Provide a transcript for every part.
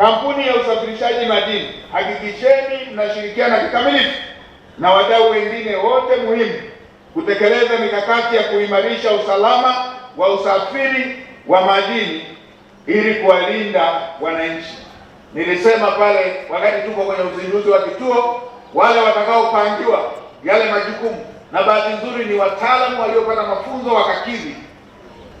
Kampuni ya usafirishaji madini, hakikisheni mnashirikiana kikamilifu na wadau wengine wote muhimu kutekeleza mikakati ya kuimarisha usalama wa usafiri wa madini ili kuwalinda wananchi. Nilisema pale wakati tuko kwenye uzinduzi wa kituo, wale watakaopangiwa yale majukumu, na bahati nzuri ni wataalamu waliopata mafunzo wakakizi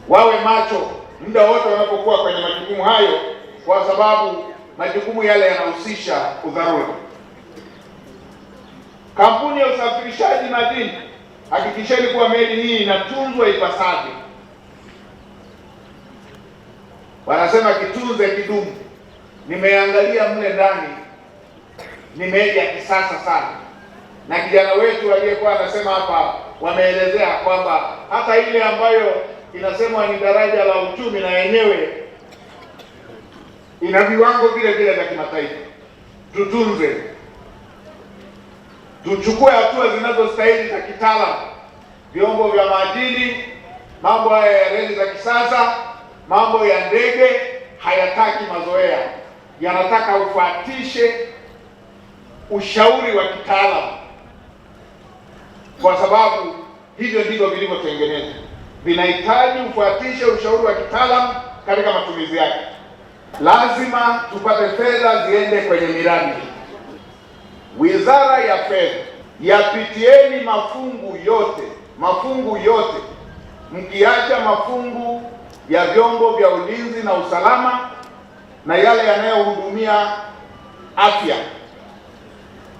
wawe macho muda wote wanapokuwa kwenye majukumu hayo kwa sababu majukumu yale yanahusisha udharura. Kampuni ya usafirishaji madini, hakikisheni kuwa meli hii inatunzwa ipasavyo. Wanasema kitunze kidumu. Nimeangalia mle ndani, ni meli ya kisasa sana, na kijana wetu aliyekuwa anasema hapa wameelezea kwamba hata ile ambayo inasemwa ni daraja la uchumi na yenyewe ina viwango vile vile vya kimataifa. Tutunze, tuchukue hatua zinazostahili za kitaalamu, vyombo vya maadili. mambo haya ya reli za kisasa, mambo ya ndege hayataki mazoea, yanataka ufuatishe ushauri wa kitaalam kwa sababu hivyo ndivyo vilivyotengenezwa, vinahitaji ufuatishe ushauri wa kitaalam katika matumizi yake lazima tupate fedha ziende kwenye miradi. Wizara ya Fedha, yapitieni mafungu yote, mafungu yote, mkiacha mafungu ya vyombo vya ulinzi na usalama na yale yanayohudumia afya,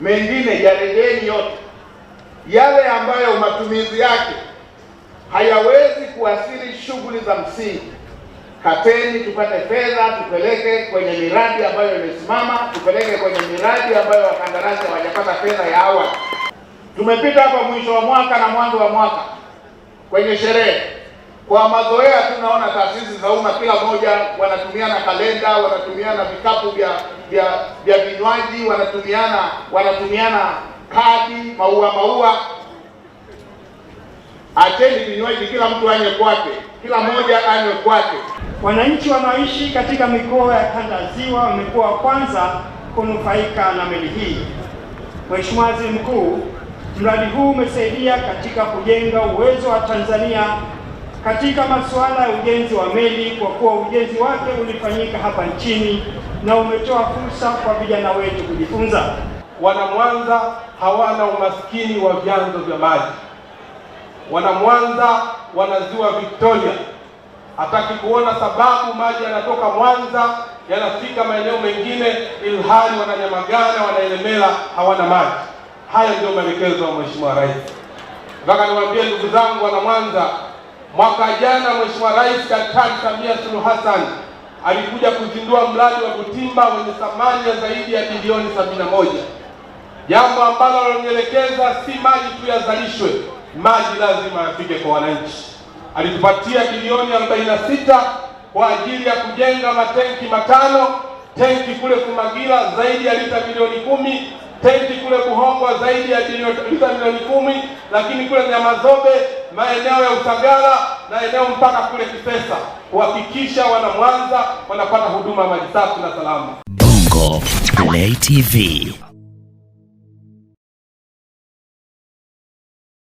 mengine yarejeni yote. Yale ambayo matumizi yake hayawezi kuathiri shughuli za msingi kateni tupate fedha tupeleke kwenye miradi ambayo imesimama, tupeleke kwenye miradi ambayo wakandarasi hawajapata fedha ya awali. Tumepita hapa mwisho wa mwaka na mwanzo wa mwaka kwenye sherehe. Kwa mazoea tunaona taasisi za umma kila moja wanatumiana kalenda, wanatumiana vikapu vya vya vya vinywaji, wanatumiana wanatumiana kadi, maua maua. Acheni vinywaji, kila mtu anywe kwake, kila mmoja anywe kwake. Wananchi wanaoishi katika mikoa ya kanda ziwa wamekuwa wa kwanza kunufaika na meli hii. Mheshimiwa Waziri Mkuu, mradi huu umesaidia katika kujenga uwezo wa Tanzania katika masuala ya ujenzi wa meli kwa kuwa ujenzi wake ulifanyika hapa nchini na umetoa fursa kwa vijana wetu kujifunza. Wanamwanza hawana umaskini wa vyanzo vya maji. Wanamwanza wana ziwa Victoria hataki kuona sababu maji yanatoka Mwanza yanafika maeneo mengine, ilhali wananyamagana wanaelemela, hawana maji. Haya ndiyo maelekezo ya Mheshimiwa Rais. Nataka niwaambie ndugu zangu wana Mwanza, mwaka jana Mheshimiwa Rais Daktari Samia Suluhu Hassan alikuja kuzindua mradi wa Butimba wenye thamani ya zaidi ya bilioni sabini na moja. Jambo ambalo alonielekeza si maji tu yazalishwe, maji lazima yafike kwa wananchi alitupatia bilioni arobaini na sita kwa ajili ya kujenga matenki matano, tenki kule kumagila zaidi ya lita milioni kumi, tenki kule kuhongwa zaidi ya lita milioni kumi, lakini kule Nyamazobe, maeneo ya Usagara na eneo mpaka kule Kisesa kuhakikisha wanamwanza wanapata huduma ya maji safi na salama. Bongo Play TV.